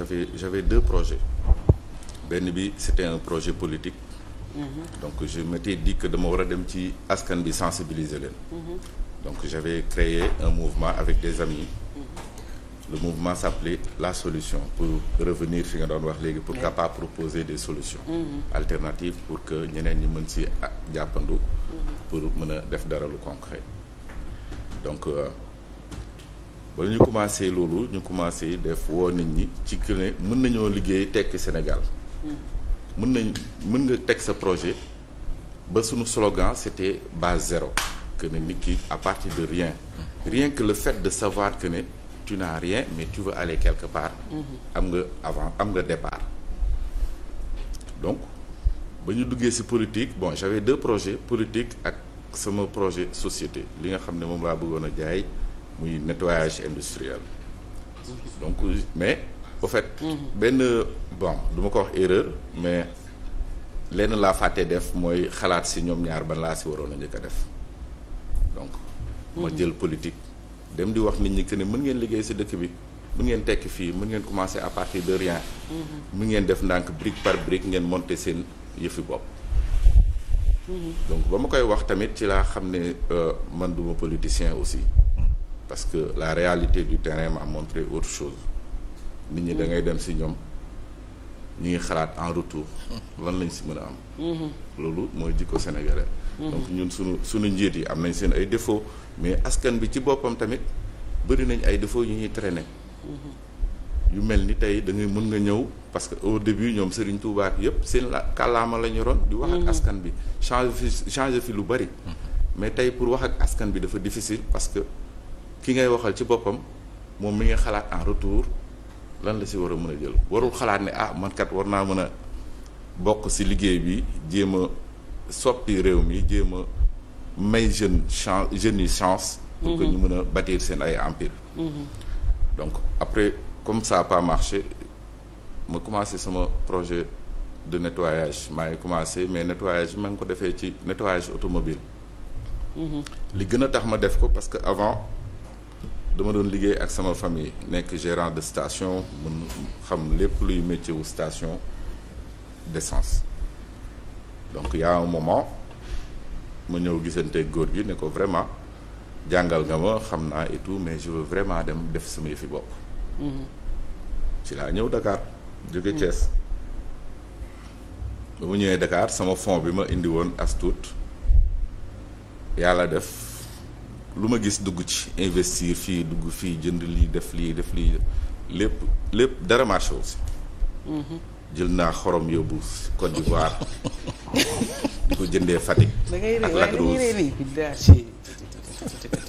j'avais j'avais deux projets benn bi c'était un projet politique mm-hmm. donc je m'étais dit que dama war a dem ci askan bi sensibiliser leen mm-hmm. donc j'avais créé un mouvement avec des amis mm-hmm. le mouvement s'appelait la solution pour revenir fi doon wax léegi pour qu'à pas proposer des solutions alternatives pour que ñeneen ñi mën si jàppandu pour mën a def dara lu concret euh, wala ñu commencé loolu ñu commencé def woo nit ñi ci que ne mën nañoo liggéey tekki Sénégal hmm. mën nañ mën nga teg sa projet ba suñu slogan c'était base zéro que ne nit ki à partir de rien rien que le fait de savoir que ne tu n'as rien mais tu veux aller quelque part hmm. am nga avant am nga départ donc ba ñu duggee ci politique bon j'avais deux projet politique ak sama projet société li nga xam ne moom laa bëggoon a jaay muy nettoyage industriel donc mais au fait mhm. benn bon du ma ko wax erreur mais lenn laa fàtte def mooy xalaat si ñoom ñaar ban laa si waroon a njëkk a def donc ma mhm. jël politique dem di wax nit ñi que ne mën ngeen liggéey si dëkk bi mën ngeen tekk fii mën ngeen commencer à partir de rien mhm. mën ngeen def ndànk brique par brique ngeen monter seen yëfi bopp donc ba ma koy wax tamit ci laa xam ne euh, man duma politicien aussi parce que la réalité du terrain m'a montré autre chose nit ñi mm. da ngay dem si ñoom ñu ngi xalaat en retour mm-hmm. lan lañ si mën a am mm-hmm. loolu mooy jikko sénégalais mm-hmm. donc ñun suñu suñu njiit yi am nañ seen ay défauts mais askan bi ci boppam tamit bëri nañ ay défauts yu ñuy traîner yu mel ni tey da ngay mën nga ñëw parce que au début ñoom Serigne Touba yëpp seen la kàllaama la ñu ron di wax ak askan bi change fi changer fi lu bëri mais tey pour wax ak askan bi dafa difficile parce que ki ngay waxal ci boppam moom mi nga xalaat en retour lan la si war a mën a jël warul xalaat ne ah man war naa mën a bokk si liggéey bi jéem a soppi réew mi jéem a may jeune chance jeunes yi chance. pour que ñu mhm. mën a bâtir seen ay empire. Mhm. donc après comme ça a pas marché ma commencé sama projet de nettoyage maa ngi commencé mais nettoyage bi ngi ko defee ci nettoyage automobile mhm. li gën a tax ma def ko parce que avant. dama doon liggéey ak sama famille nekk gérant de station mun xam lépp luy métier wu station d'essence donc yaa a moment ma ñëw gisante góor gi ne ko vraiment jàngal nga ma xam naa et tout mais je veux vraiment dem def sama yëfi bopp. Mhm. ci laa ñëw Dakar jóge mhm. Thiès. ba mu ñëwee Dakar sama fond bi ma indi woon as tuut yàlla def. lu ma gis dugg ci investir fii dugg fii jënd lii def lii def lii lépp lépp dara marché aussi mm-hmm. jël naa xorom yóbbu Côte d'Ivoire di ko jëndee Fatick ak Lac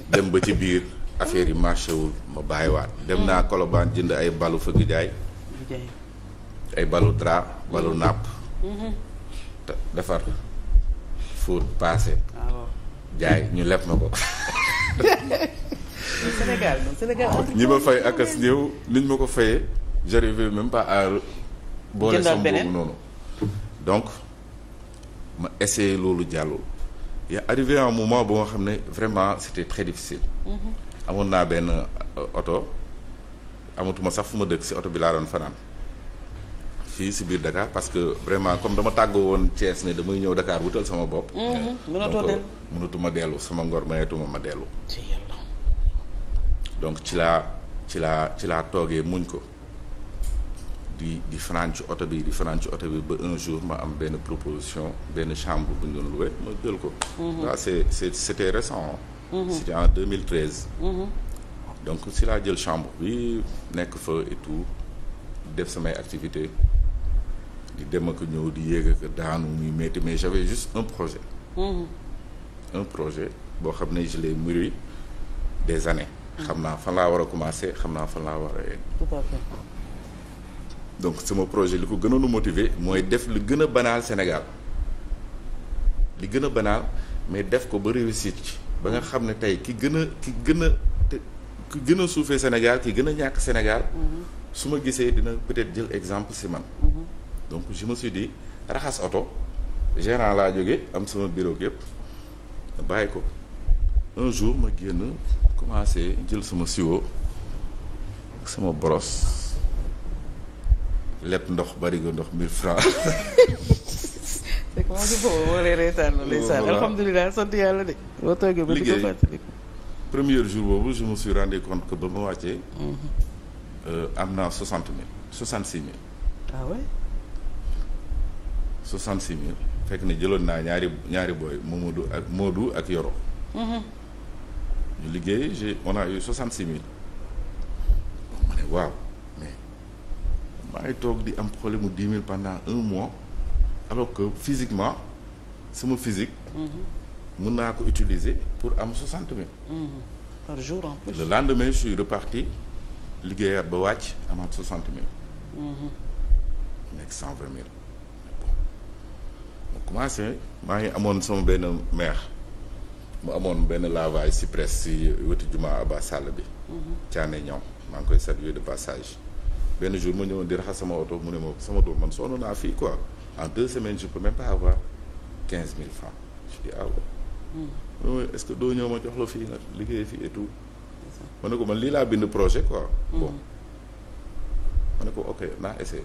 dem ba ci biir affaire yi marché wul ma bàyyiwaat dem naa mm-hmm. Colobane jënd ay balu fëgg jaay ay balu drap balu mm-hmm. napp defar fóot paase ah, jaay ñu leb na ko Sénégal ah, ñi ma fay ak as néew ma ko fayee j'arrivais même pas à. boole sam boobu noonu. donc ma essayé loolu jàllul. y a arrivé un moment bu nga xam ne vraiment c'était très difficile. Mhm. amoon naa benn euh, oto amatuma sax fu ma dëkk si oto bi laa doon fanaan. fii si biir Dakar parce que vraiment comme dama tàgg woon Thiès ne damay ñëw Dakar wutal sama bopp. Mhm. Euh, mënatuma dellu sama ngor mënatuma ma dellu. donc ci laa ci laa ci laa toogee muñ ko di di fanaan ci oto bi di fanaan ci oto bi ba un jour ma am benn proposition benn chambre bu ñu doon loué ma jël ko. waaw mhm. c'est c'est c'était mhm. en c'était mille 2013. donc ci laa jël chambre bi nekk fa et tout def samay activité di dem ak ñëw di yéeg ak daanu muy métti mais j'avais juste un projet. Mmh. un projet boo xam ne je l'ai des années. xam naa fan laa war a commencé xam naa fan laa war a yegg. donc sama projet li ko gënoon a motiver mooy def lu gën a banal Sénégal li gën a banal mais def ko ba réussir ci ba nga xam ne tey ki gën a ki gën a ki gën a suufee Sénégal ki gën a ñàkk Sénégal. Mm-hmm. su ma gisee dina peut-être jël exemple si man. Mm-hmm. donc je me suis raxas oto gérant laa jóge am sama bureau yépp bàyyi ko un jour ma génn commencé jël sama siwo sama boros lépp ndox barigo ndox 1000 francs c'est comment si boobu moo lay reetaan la ndeysaan alhamdulilah sant yàlla de boo toogee jour boobu je me compte que ba ma wàccee mhm. euh, am naa soixante mille soixante six mille ah 66 000 fekk ne jëloon naa ñaari ñaari booy Momadou ak Modou ak Yoro. Mhm. ñu liggéey j'ai on a eu 66 000. ma ne waaw mais maa ngi toog di am problème mu 10 pendant un mois alors que physiquement sama physique. Mhm. mën naa ko utiliser pour am 60 000. Mhm. par jour en plus. le lendemain je suis liggéeyaat ba wàcc amaat 60 000. nekk 120 000. commencé maa ngi amoon sama benn maire mu amoon benn lavage si presse si wetu juma Abba Sall bi. Mhm. Thiané ñaw maa ngi koy saluer de passage. benn jour mu ñëwoon di raxas sama oto mu ne ma sama doom man sonn naa fii quoi en deux semaines je peux même pas avoir quinze mille francs je dis ah ouais. Mhm. est ce que doo ñëw ma jox la fii nga liggéey fii etu tout. ma ko man lii laa bind projet quoi. Mhm. bon ma ne ko ok naa essayé.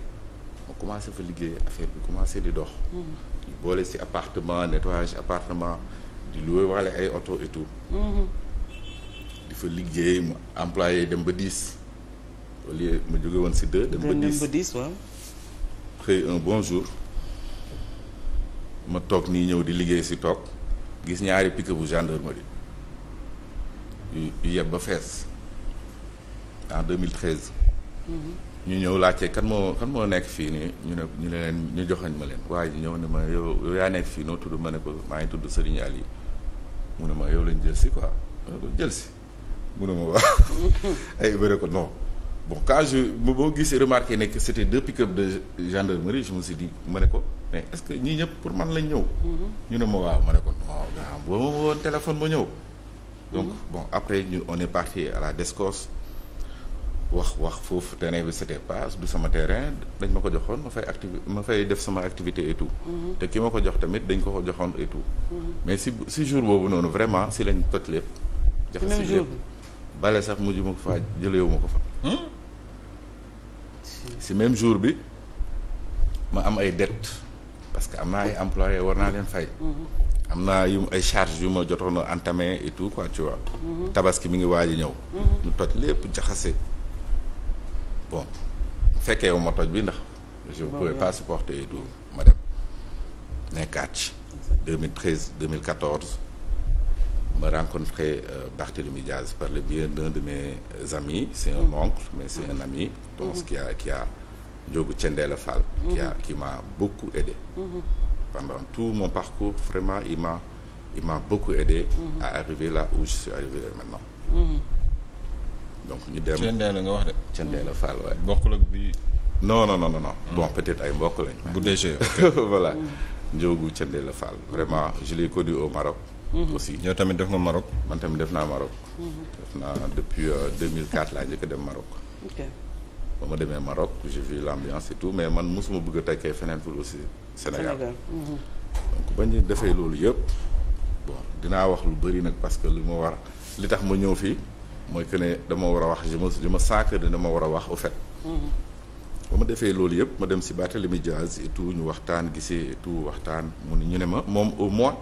ma commencé fa liggéey affaire bi commencé di dox. boole si appartement nettoyage appartement di loué waale ay oto et tout. Mm-hmm. di fa liggéey ma employé dem ba dix. ma jóge woon si deux. dem ba dix dem ba dix un bon jour ma toog nii ñëw di liggéey si toog gis ñaari pique bu gendarmerie yu yeb ba fees en 2013. Mm -hmm. ñu ñëw laajte kan moo kan moo nekk fii nii ñu ne ñu ne leen ñu joxañ ma leen waaye ji ñëw ne ma yow yow yaa nekk fii noo tudd ma ne ko maa ngi tudd Serigne Ali mu ne ma yow lañ jël si quoi jël si mu ne ma waaw ay bëre ko non bon quand je boo gisee remarqué ne que c'était deux pick-up de gendarmerie je me suis dit ma ne ko mais est-ce que ñii ñëpp pour man lañ ñëw mm-hmm. ñu ne ma waaw ma ne ko non gaa boo ma woon téléphone ma ñëw mm-hmm. donc bon après ñu on est parti à la Descos wax wax foofu terrain bi c'était pas du sama terrain dañ ma ko joxoon ma fay activi ma fay def sama activité et mm-hmm. te ki ma ko jox tamit dañ ko ko joxoon et mm-hmm. mais si si jour boobu noonu vraiment si lañ toj lépp. jaxas si lépp bale sax mujj ma ko jëlee yow ma ko fa. Hmm? si même jour bi ma am ay dettes parce que am naa war naa leen fay. Mm-hmm. am naa yu ay charges yu ma jotoon a entamé et tout quoi tu vois. mi ngi waaj a ñëw. ñu toj lépp jaxase. bon fekkee wu ma toj bi ndax je ne pouvais pas supporter et tout ma dem nekkaat ci 2013 2014 ma rencontré euh, Barthélémy par le biais d'un de mes amis c'est un mm. oncle mais c'est un ami donc mm-hmm. qui a qui a Ndiogou Thiendella qui a mm-hmm. qui m'a beaucoup aidé mm-hmm. pendant tout mon parcours vraiment il m'a beaucoup aidé à arriver là où je suis arrivé maintenant donc ñu dem Thiendella nga wax de. Thiendella Fall waay. bokkul ak bi. non non non non. Hmm. bon peut-être ay mbokk lañ. bu dee voilà. Ndiogou Thiendella Fall vraiment je l'ai connu au Maroc. Hmm. aussi ñoo tamit def nga Maroc. man tamit def naa Maroc. Hmm. def naa depuis 2004 euh, laa njëkk dem Maroc. ok ba ma demee Maroc j'ai vu l'ambiance et tout mais man mosuma bëgg a takkee feneen pour aussi Sénégal. Sénégal donc bañ defee loolu yëpp bon dinaa wax lu bari nag parce que li ma war li tax ma ñëw fii. mooy que ne dama war a wax je me je me sens que ne dama war a wax au fait. Mm-hmm. ba ma defee loolu yëpp ma dem si Barthélémy Diaz et tout ñu waxtaan gisee et tout waxtaan mu ni ñu ne ma moom au moins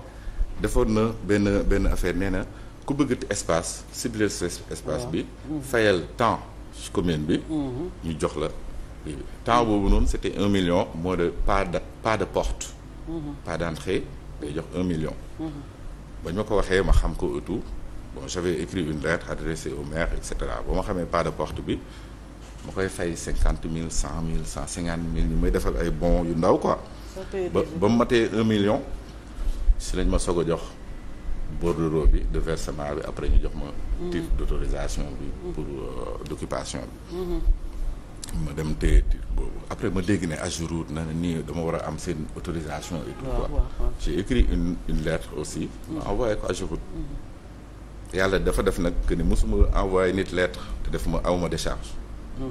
defoon na benn benn affaire nee na ku bëggati espace ciblé espace bi. Mm-hmm. fayal temps su commune bi. Mm-hmm. ñu jox la temps boobu noonu c' était un million moo de pas de pas de porte. pas d' entrée day jox un million. bañ ma ko waxee ma xam ko et tout bon j'avais écrit une lettre adressée au maire et cetera ba ma xamee pas de porte bi ma koy fay cinquante mille cent mille cent cinquante mille ñu may defal ay bons yu ndaw quoi. ba ba mu matee un million si lañ ma soog a jox bordereau bi de versement bi après ñu jox ma. Mm-hmm. titre d'autorisation bi. pour euh, d'occupation bi. Mm-hmm. ma dem téye titre boobu après ma dégg ne AGEROUTE na nii dama war a am seen autorisation. et tout quoi écrit une lettre aussi. ma mm-hmm. envoyé ko AGEROUTE. yàlla dafa def nag que ni mosuma envoyé nit lettre te def ma awma décharge mhm.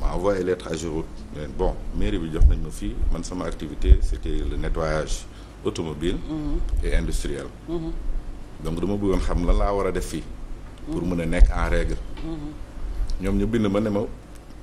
ma envoyé lettre à Géroute bon mairie bi jox nañ ma fii man sama activité c'était le nettoyage automobile mhm. et industriel mhm. donc dama buggoon xam lan laa war a def fii pour mën a nekk en règle ñoom ñu bind ma ne ma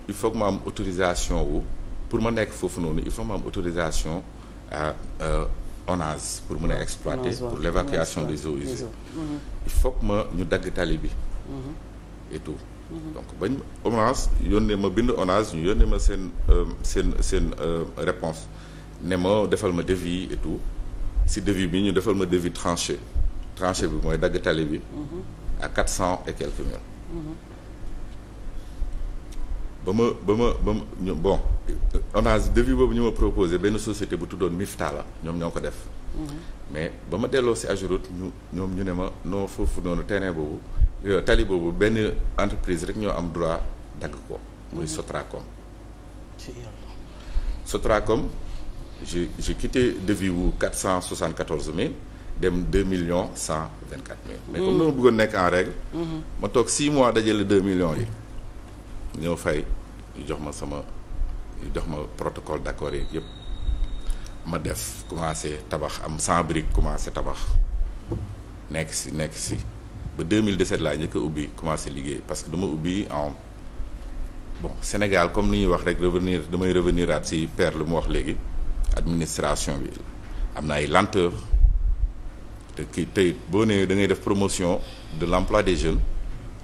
il faut que ma am autorisation wu pour ma nekk foofu noonu il faut que ma am autorisation à euh, ONAS pour mën a exploiter pour l'évacuation des eaux usées mhm. il faut ma ñu dagg tali bi mhm. et mhm. donc bañ ONAS yónnee ma bind ONAS ñu yónnee ma seen euh, seen seen euh, réponse ne ma defal ma devis et si devis bi ñu defal ma devis tranché tranché bi mooy dagg tali bi à quatre cent et quelques mille ba ma ba ma ba ma bon onage devis boobu ñu ma proposé benn société bu tuddoon Mifta la ñoom ñoo ko def mais ba ma delloo si Ageroute ñu ñoom ñu ne ma noo foofu noonu terrain boobu euh, tali boobu benn entreprise rek ñoo am droit dagg ko muy Sotracom Sotracom j'ai j'ai quitté devis wu quatre cent soixante quatorze mille dem deux millions cent vingt quatre mille mais comme mmh. dama bëggoon nekk en règle mmh. ma toog six mois dajale deux millions yi ñëw fay jox ma sama jox ma protocole d'accord yeeg yëpp ma def commencé tabax am 100 briques commencé tabax nekk si nekk si ba 2017 laa njëkk a ubbi commencé liggéey parce que dama ubbi en bon Sénégal comme ni ñuy wax rek revenir damay revenir aat si per lu mu wax léegi administration bi am na ay lenteur te kii tey boo nee da ngay def promotion de l'emploi des jeunes.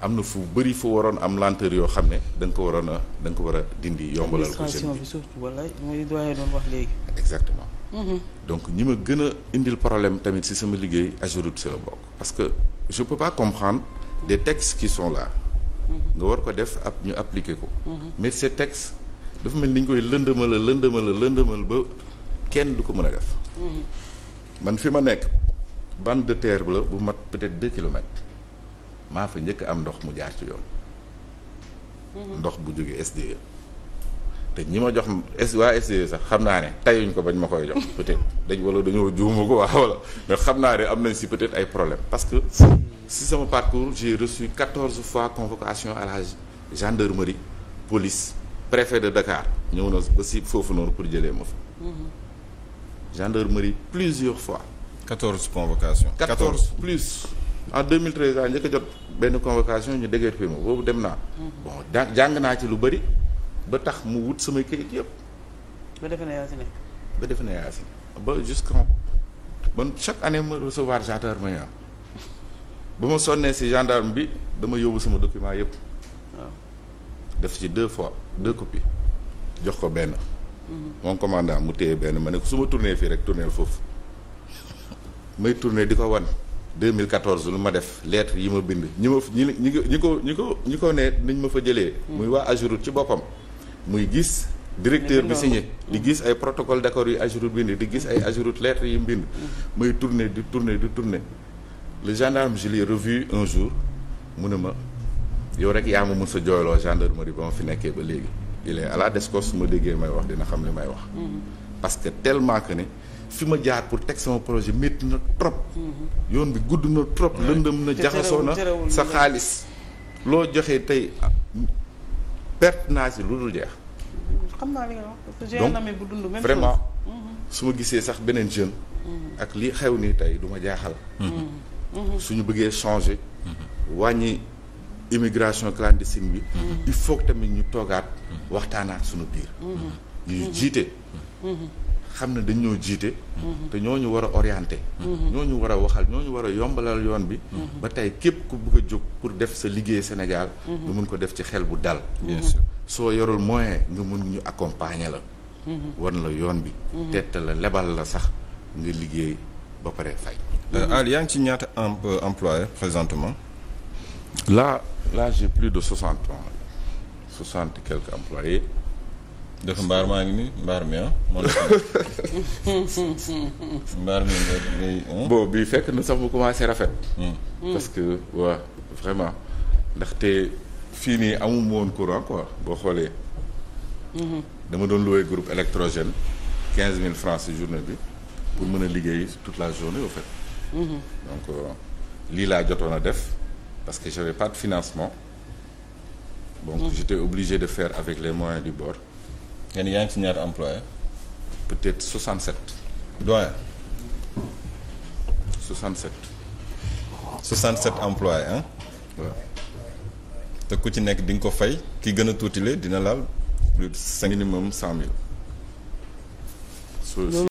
am na fu bëri fu waroon am lenteur yoo xam ne da ko waroon a da ko war a dindi yombalal ko jeune bi surtout wala mooy doyen doon wax léegi exactement mm-hmm. donc ñi ma gën a indil problème tamit si sama liggéey Ageroute si bokk parce que je peux pas comprendre des textes qui sont là mm-hmm. nga war ko def ab ñu appliquer ko mm-hmm. mais ces textes dafa mel ni ñu koy lëndëmal a lëndëmal a lëndëmal ba kenn du ko mën a def man fi ma nekk bande de terre la bu mat peut-être deux kilomètres maa fa njëkk am ndox mu jaar ci yoon. Mhm. ndox bu jógee SDE. te ñi ma jox S waa e sax xam naa ne tayuñ ko bañ ma koy jox peut-être dañ wala dañoo juumu ko waa wala mais xam naa ne am nañ si peut-être ay problème parce que si sama parcours j'ai reçu quatorze fois convocation à la gendarmerie police préfet de Dakar ñëw na ba si foofu noonu pour jëlee ma fa. Mhm. gendarmerie plusieurs fois. quatorze convocations. quatorze plus. en 2013 laa njëkk a jot benn convocation ñu déguerpi ma boobu dem naa. bon jàng naa ci lu bëri ba tax mu wut sama kayit yëpp. ba defe na yaa si nekk. ba defe na yaa si ba chaque année ma recevoir gendarme yi ah. ba ma sonnee si gendarme bi dama yóbbu sama document yëpp. waaw def ci deux fois deux copies jox ko benn. Mhm. mon commandant mu téye benn ma ne ko su ma tourné fii rek tourné foofu may tourné di ko wan. 2014 lu ma def lettre yi ma bind ñi ma ñi ñi ñi ko ñi ko ñi ko ne niñ ma fa jëlee hmm. muy waa Ageroute ci boppam muy gis directeur bi signé di hmm. gis ay protocole d'accord yu Ageroute bind di gis ay Ageroute lettres yu mbind bind muy hmm. tourner di tourner di tourner le gendarme je l'ai revu un jour mu ne ma yow rek yaa ma mun sa jooyloo gendarmerie ba ma fi nekkee ba léegi il est à des DSCOS su ma déggee may wax dina xam li may wax parce que tellement que ne fi ma jaar pour teg sama projet métti na trop. yoon bi gudd na trop. lëndëm na jaxasoo na sa xaalis. loo joxe tey perte naa si lu dul jeex. xam naa nga wax bu dund même su ma gisee sax beneen jeune. Mm-hmm. ak li xew nii tey du ma jaaxal. Mm-hmm. Mm-hmm. suñu bëggee changer. wàññi immigration clandestine bi. il faut tamit ñu toogaat waxtaanaat suñu biir. ñu jiite. xam ne dañoo jiite mm-hmm. te ñu war a orienté mm-hmm. ñu war a waxal ñooñu war a yombalal yoon bi mm-hmm. ba tey képp ku bugg a jóg pour def sa liggéey Sénégal nga mun ko def ci xel bu dal soo yorul moyen nga mun ñu accompagner la wan na yoon bi tette la lebal la sax nga liggéey ba pare fay euh, Ali yaa ngi ci ñaata euh, employé présentement la la j'ai plus de soixante ans soixante quelques employés dëkk mbaar maa ngi nii mbaar mi ah. mbaar bi nga fekk na sax mu commencé rafet. Hmm. parce que waa vraiment ndaxte fii nii amuma woon courant quoi boo xoolee. Hmm. dama doon loué groupe électrogène quinze mille francs ci journée bi pour mën a liggéey toute la journée au fait. Hmm. donc euh, lii laa jotoon a def parce que j'avais pas de financement. donc j'étais obligé de fair avec les moyens du bord. ngeen yaa ngi si ñaata employé peut-être 67. doyen. 67. 67 employés ah. waaw. te ku ci nekk di nga ko fay ki gën a tuutile dina laal plus de cinq minimum cent mille.